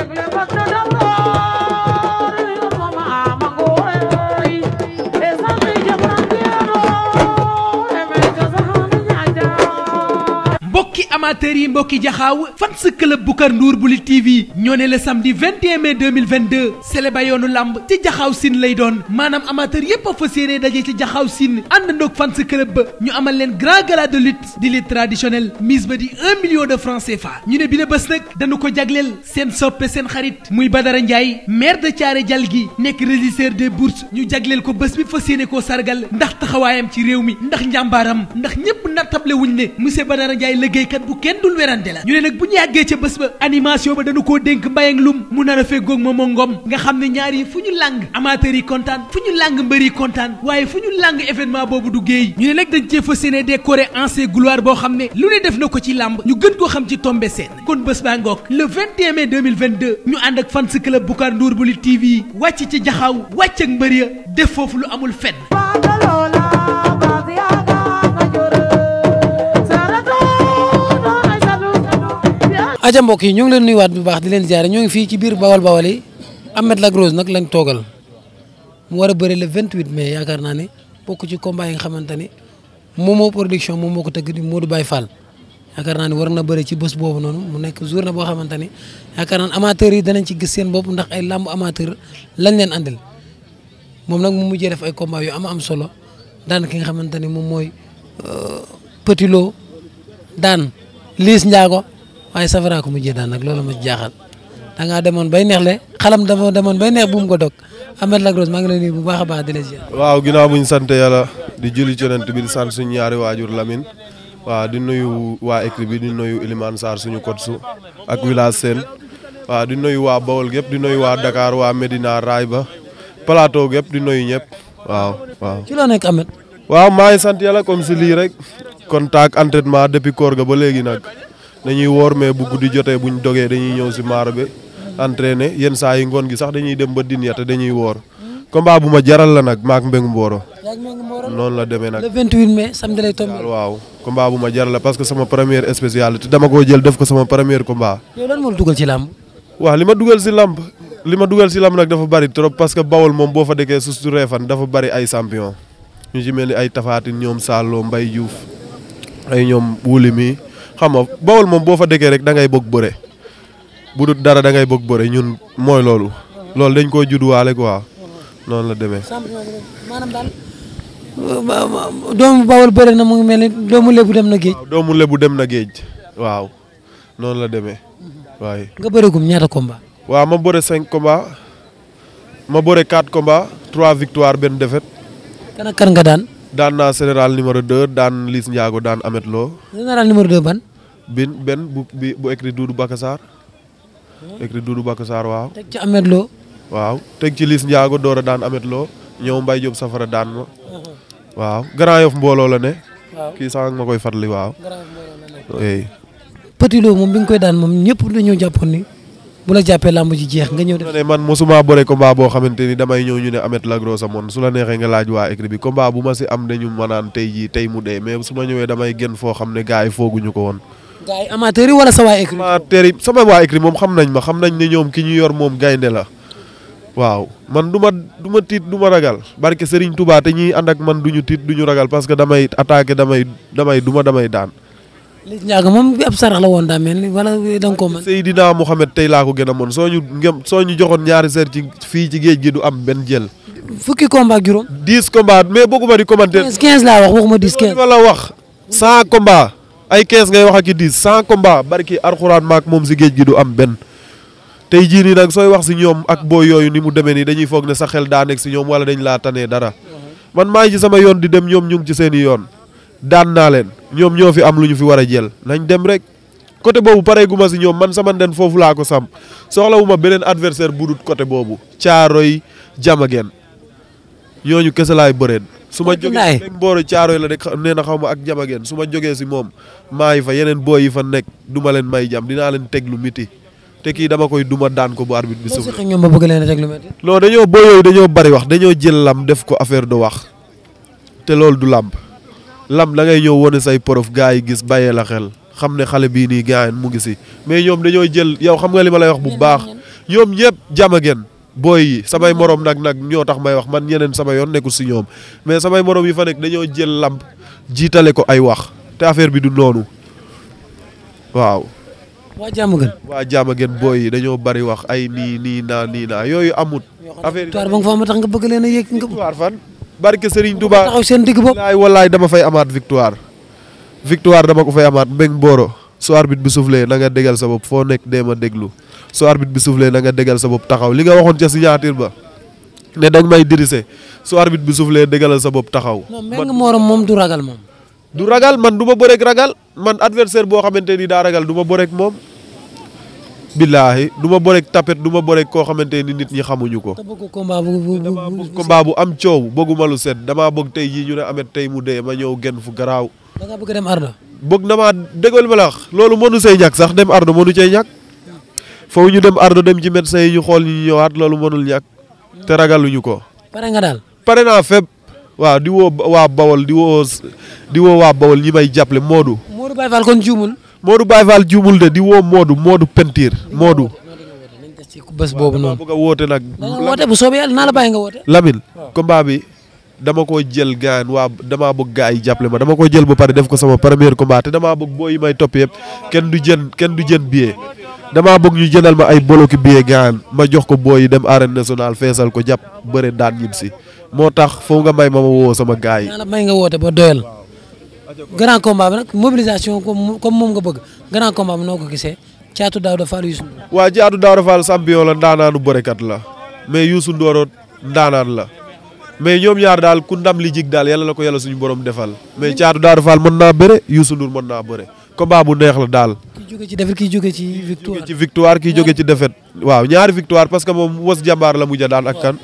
দেখলে কত amateurs yi mbokki jaxaaw fan sa club Boucar Ndour bu li TV ñoo ne le samedi 21 mai 2022 sele ba yoonu làmb ci jaxaaw siin lay doon maanaam amateur yépp a fa séenee daje ci jaxaaw siin àndandoog fan sa ba ñu amal leen grand gala de lutte di lutte traditionnelle mise ba di 1 million de francs CFA ñu ne bi la bés nag dañu ko jagleel seen soppe seen xarit muy Badara Ndiaye maire de Thiaré Dial gi nekk régisseur des bourses ñu jagleel ko bés bi fa séenee koo sargal ndax taxawaayam ci réew mi ndax njàmbaaram ndax ñépp nattable wuñ ne monsieur Badara Ndiaye liggéeykat bu kenn dul werante la ñu ne nag bu ñu yàggee ca bés ba animation ba dañu koo dénk mbayang lum mu nar a feggoog ma ma ngom nga xam ne ñaar fu ñu làng amateurs yi kontaan fu ñu làng mbër kontaan waaye fu ñu làng événement boobu duggee géey ñu ne nag dañ cee fas yéene décoré ancien gloire boo xam ne lu ne def na ko ci làmb ñu gën koo xam ci tombe seen kon bés baa ngoog le 21 mai 2022 ñu ànd ak fans club Boucar Ndour bu li TV wàcc ci jaxaw wàcc ak mbër ya def foofu lu amul fenn aja mbokk yi ñu ngi leen nuyuwaat bu baax di leen ziare ñoo ngi fii ci biir bawal bawal yi Ahmed Lac nag la lañ toogal mu war a bëri le 28 mais yaakaar naa ne bokk ci combat yi nga xamante ni Momo production moom moo ko tëgg di Modou bay Fall yaakaar naa ne war na bëri ci bés boobu noonu mu nekk na boo xamante ni yaakaar naa ne amateurs yi danañ ci gis seen bopp ndax ay làmb amateur lañ leen andil moom nag mu mujjee def ay combat yu am am solo daan ki nga xamante ni moom mooy euh, Petit Lo daan Liis waaye safaraa ko mujjee daan nag loolu ma jaaxal da ngaa demoon bay neex le xalam dafa demoon bay neex bu mu ko dog Ahmed Lac Rose maa ngi lay bu baax a baax di la ziar. waaw ginnaaw bu ñu sant yàlla di julli ci Yonent bi di sant suñu ñaari waajur Lamine waaw di nuyu waa équipe bi di nuyu Elimane Sarr suñu coach su ak village Sène waaw di nuyu waa Bawol gépp di nuyu waa Dakar waa Medina Raay ba plateau gépp di nuyu ñëpp waaw waaw. ci loo nekk Ahmed. waaw maa ngi sant yàlla comme si lii rek contact entraînement depuis koor ga ba léegi nag. dañuy woor mais bu guddi jotee buñ dogee dañuy ñëw si maara bi entraîné yenn saa yi ngoon gi sax dañuy dem ba din ya te dañuy woor combat bu ma jaral la nag maak Mbengue mbooro noonu la demee nag le 28 mai waaw combat bu ma jaral la parce que sama première spécialité dama koo jël def sama première combat. yow lan moo la dugal ci làmb. li ma dugal si làmb li ma dugal si làmb nag dafa bari trop parce que Bawol moom boo fa dëkkee suuf su Réfane dafa bari ay champion ñu ci ni ay Tapha ñoom Saalum Mbaye Diouf ay ñoom xam nga bawol moom boo fa dëkkee rek dangay ngay bëgg bëre bu dul dara da ngay bëgg bëre ñun mooy loolu loolu dañ koo judduwaale quoi noonu la demee. maanaam daal doomu bawol na mu ngi mel ni doomu lebu dem na géej. waaw doomu lebu dem na géej waaw noonu la demee waaye. nga bëre gum ñaata combat. waaw ma bëre cinq combat ma bëre quatre combat trois victoire benn défaite. kan nga daan. daan naa général numéro 2 daan Liss Ndiago daan Ameth Lo. général numéro 2 ban. benn bu écrit Doudou Bakassar. Hmm. écrit Doudou Bakassar waaw. teg ci Ameth Lo. waaw teg ci Liss Ndiago door a daan Ameth Lo ñëw Mbaye Diop safara daan ma. Hmm. waaw Grand Yoff mbooloo la ne. waaw kii sànq ma koy fàttali waaw. Grand Yoff moom bi koy daan moom ñëpp dañoo jàppoon ni. bu la jàppee làmb ji jeex nga ñëw def man mosuma bëre combat boo xamante ni damay ñëw ñu ne Amet Lagros amoon su la neexee nga laaj waa écrit bi combat bu ma si am dañu ma naan tey jii tey mu dee mais su ma ñëwee damay gën foo xam ne gaay yi fooguñu ko woon gars yi amateurs wala sa waa écrit amateurs yi waa écrit moom xam nañ ma xam nañ ne ñoom ki ñu yor moom gaynde la waaw man du ma du ma tiit du ma ragal barke Serigne tubaat te ñiy ànd ak man duñu tiit duñu ragal parce que damay attaqué damay damay duma damay daan Liss Ndiago moom ab sarax la woon daa mel ni wala da nga ko mën. Mohamed tey laa ko gën a mën soo ñu soo ñu joxoon ñaari seer ci fii ci géej gi du am benn jël. fukki combat juróom. 10 combat mais bëgguma di commenter. 15 15 laa wax waxuma 10 15. ma la wax 100 combat ay 15 ngay wax ak i 10 100 combat barki arxuraan maak moom si géej gi du am benn. tey jii nii nag sooy wax si ñoom ak booy yooyu ni mu demee nii dañuy foog ne sa xel daa nekk si ñoom wala dañ laa tanee dara man maa ngi sama yoon di dem ñoom ñu ci seen yoon. daan naa leen ñoom ñoo fi am lu ñu fi war a jël nañ dem rek côté boobu pare gu si ñoom man sama nden foofu laa ko sam soxlawu ma beneen adversaire bu dul côté boobu caaroy jamageen ñooñu kese laay bëreen su ma jógee même booro caaroy la de nee na xaw ma ak jamageen su ma jógee si moom maa yi fa yeneen booy yi fa nekk du ma leen may jam dinaa leen teg lu miti te kii dama koy duma daan ko bu arbitre bi suuf ñoom ba bëgg leen a teg lu miti non dañoo booy yooyu dañoo bari wax dañoo jël lam def ko affaire de wax te loolu du làmb lam da ngay ñëw wane say prof gars yi gis bàyyee la xel xam ne xale bii nii gars mu ngi si mais ñoom dañoo jël yow xam nga li ma lay wax bu baax ñoom ñëpp jama ngeen booy yi samay moroom nag nag ñoo tax may wax man ñeneen sama yoon nekkul si ñoom mais samay morom yi fa nekk dañoo jël lamb jiitale ko ay wax te affaire bi du noonu waaw. waa jàmm gën. waa jàmm gën booy yi dañoo bari wax ay nii nii naa nii naa yooyu amut. affaire yi ba nga fa am tax nga bëgg leen a yëg nga. fan. barke Serigne Touba taxaw seen digg bopp laay wallaay dama fay amaat victoire victoire dama ko fay amaat mbéng mbooro su arbitre bi soufflé na nga dégal sa bopp foo nekk dee ma déglu su arbitre bi na nga dégal sa bopp taxaw li nga waxoon ca signature ba ne dañ may dirise su arbitre bi soufflé dégalal sa bopp taxaw. non mbéng mbooro moom du ragal moom. du ragal man du ma bëreeg ragal man adversaire boo xamante ni daa ragal du ma bëreeg moom. billaahi du ma bëreeg tapet du ma bëreeg koo xamante ni nit ñi xamuñu ko. te bëgg combat bu damaa am coow bëgguma lu set damaa bëgg tey jii ñu ne amet tey mu dee ma ñëw genn fu garaaw. da nga bëgg na Ardo. bëgg damaa déggal ma la loolu mënu say ñàkk sax dem Ardo mënu cay ñàkk. foofu ñu dem Ardo dem ci médecin yi ñu xool ñu ñëwaat loolu mënul ñàkk. te ragaluñu ko. pare nga daal pare naa fépp. waa di woo waa Bawol di woo di woo waa Bawol ñi may jàppale Modou. Modou Baye Fall juumul de di woo Modou Modou Pentiir Modou. bés boobu noonu bëgg a woote nag. woote bu soobee yàlla naa la bàyyi nga woote. Lamine bi dama ko jël gaan waa damaa bëgg gaa yi jàppale ma dama ko jël ba pare def ko sama premier combat te damaa bëgg booy may topp yëpp kenn du jën kenn du jën billet. damaa bëgg ñu jëndal ma ay boloki billet gaan ma jox ko booy dem arène nationale feesal ko jàpp bëre daan ñib si moo tax foo nga may ma ma woo sama gaa yi. naa nga woote ba doyal. grand combat bi nag comme moom nga bëgg grand noo ko gisee caatu Daouda Fall Youssou Ndour. waaw caatu Daouda Fall champion la ndaanaanu bërekat la mais Youssou Ndour ndaanaan la mais ñoom ñaar daal ku ndam li jig daal yalla la ko yalla suñu borom defal mais caatu Daouda Fall mën naa bëre Youssou Ndour mën naa bëre combat bu neex la daal. kii jóge ci défaite kii jóge ci victoire kii jóge ci victoire kii jóge ci défaite. waaw ñaari victoire parce que moom was jàmbaar la mujj daan ak kan.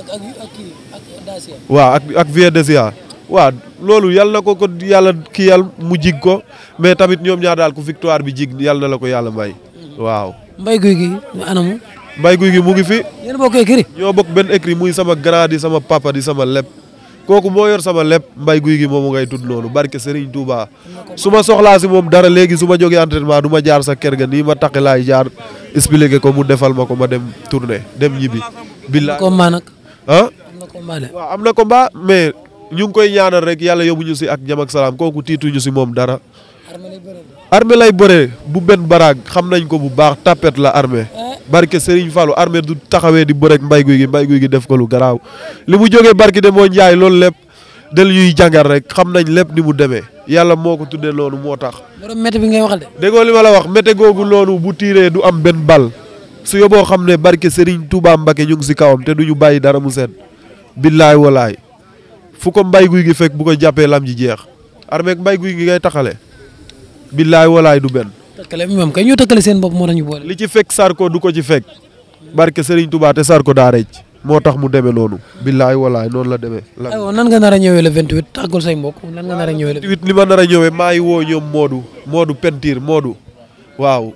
ak ak ak kii waaw ak ak Vieux Dacia. waaw loolu yàlla na ko ko yàlla kii yàlla mu jig ko mais tamit ñoom ñaar daal ku victoire bi jig yàlla na la ko yàlla may waaw. mbay guy gi anamu. mbay guy gi mu ngi fi. yéen bokk écrit. ñoo bokk benn écrit muy sama grand di sama papa sama lépp kooku moo yor sama lépp mbay guy gi moomu ngay tudd noonu barke Serigne Touba su ma soxlaa si moom dara léegi su ma jogee entraînement du ma jaar sa ker ga nii ma taqe laay jaar expliqué ko mu defal ma ko ma dem tournée dem ñibbi. billaay combat nag. ah. am na combat de waaw ñu ngi koy ñaanal rek yàlla yóbbuñu si ak jamak ak salaam kooku tiituñu si moom dara. armée lay bëree bu benn baraag xam nañ ko bu baax tapet la armée eh. barke Serigne Fallou armée du taxawee di bërek mbay guy gi mbay guy gi def ko lu garaaw li mu jógee barki de moo njaay loolu lépp del ñuy jàngal rek xam nañ lépp ni mu demee yàlla moo ko tuddee loolu moo tax. borom mété bi ngay wax de. déggoo li ma la wax mété googu noonu bu tiiree du am benn bal su yóbboo xam ne barke Serigne Touba Mbacke ñu ngi si kawam te du ñu bàyyi dara mu sedd billaay walaay. fu ko mbay guy gi fekk bu ko jàppee lam ji jeex armée ak mbay guy gi ngay taxale billaay walaay du benn. tëkkale moom kay ñu tëkkale seen bopp moo tax ñu boole. li ci fekk Sarko du ko ci fekk barke Serigne Sarko daa rëcc moo tax mu demee noonu. billaay walaay noonu la demee. aywa nan nga nar a ñëwee le 28 tàggul say mbokk nan nga a ñëwee le 28 li ma nara a ñëwee maa ngi woo ñoom Modou Modou Pentir du waaw.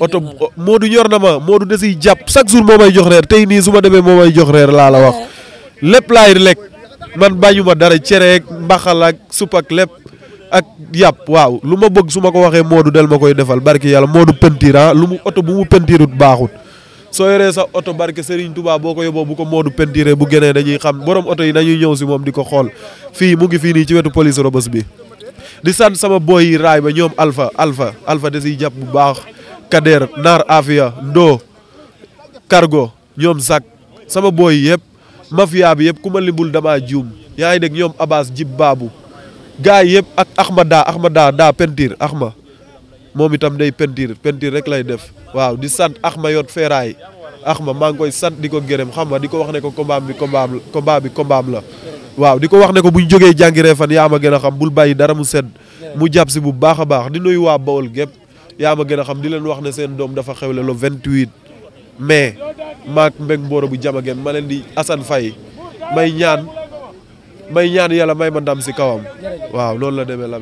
oto moo du ñor na ma Modou da siy jàpp chaque jour moo may jox reer tey nii su ma demee moo may jox reer laa la wax eh. lépp laay lekk. man bañuma dara cereeg mbaxal ak supp ak lépp ak yàpp waaw lu ma bëgg su ma ko waxee moodu del ma koy defal barki yàlla Modou pentiir ah. lu mu oto bu mu pentiirut baaxut soo yoree sa oto barke Serigne Touba boo ko yóbboo bu ko Modou pentiiree bu génnee dañuy xam borom oto yi dañuy ñëw si moom di ko xool fii mu ngi fii nii ci wetu police robos bi di sant sama boy yi raay ba ñoom alfa alfa Alpha da siy jàpp bu baax Kader Naar Afia Ndo Cargo ñoom Zak sama boy yëpp mafia bi yëpp ku ma limbul damaa juum yaa ngi dégg ñoom Abbas jib baabu gars yëpp ak Axma daa Axma daa daa peinture Axma moom itam day peinture peinture rek lay def waaw di sant Axma yot feeraay Axma maa ngi koy sant di ko gërëm xam nga di ko wax ne ko combat bi combat bi combat la. waaw di ko wax ne ko bu ñu jógee jàngiree fan yaa ma gën a xam bul bàyyi dara mu sedd mu jàpp si bu baax a baax di nuyu waa Bawol gépp yaa ma gën a xam di leen wax ne seen doom dafa xewle le 28. mais maak mbég mbooro bu jama gen ma leen di Assane Faye may ñaan may ñaan yàlla may ma ndam si kawam waaw loolu la demee la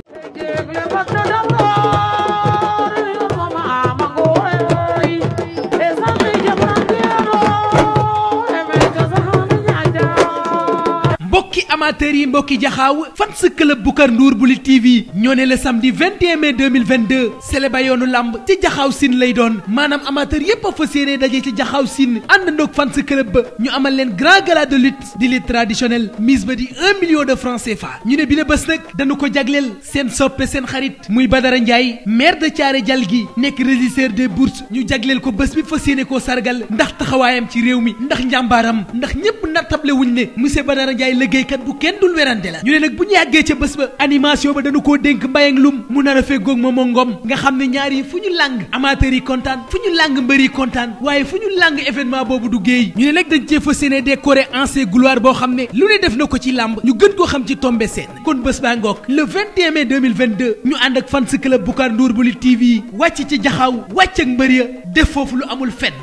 mbokki jaxaaw fan sa club Bukar Ndour bu Lutte TV ñoo ne le samedi 21 mai 2022 sele ba yoonu lamb ci jaxaaw siin lay doon maanaam amateur yépp a fa séenee daje ci jaxaaw siin àndandoog fan sa club ba ñu amal leen grand gala de lutte di lutte traditionnelle mise ba di 1 million de francs CFA ñu ne bi la bés nag dañu ko jagleel seen soppe seen xarit muy Badara Ndiaye maire de Thiaré gi nekk régisseur des bourses ñu jagleel ko bés bi fa séenee koo sargal ndax taxawaayam ci réew mi ndax njàmbaaram ndax ñépp nattable wuñ ne monsieur Badara Ndiaye liggéeykat bu werante la ñu ne nag bu ñu yàggee ca bés ba animation ba dañu ko dénk mbayang lum mu nar a feggoog Momo nga xam ne ñaari fu ñu làng amateurs yi kontaan fu ñu làng mbër kontaan waaye fu ñu làng événement boobu duggee géey ñu ne nag dañ cee fas yéene décoré ancien gloire boo xam ne lu ne def na ko ci làmb ñu gën ko xam ci tombé seen kon bés baa ngoog le 21 mai 2022 ñu ànd ak fans club Boucar Ndour bu li TV wàcc ci jaxaw wàcc ak mbër ya def foofu lu amul fet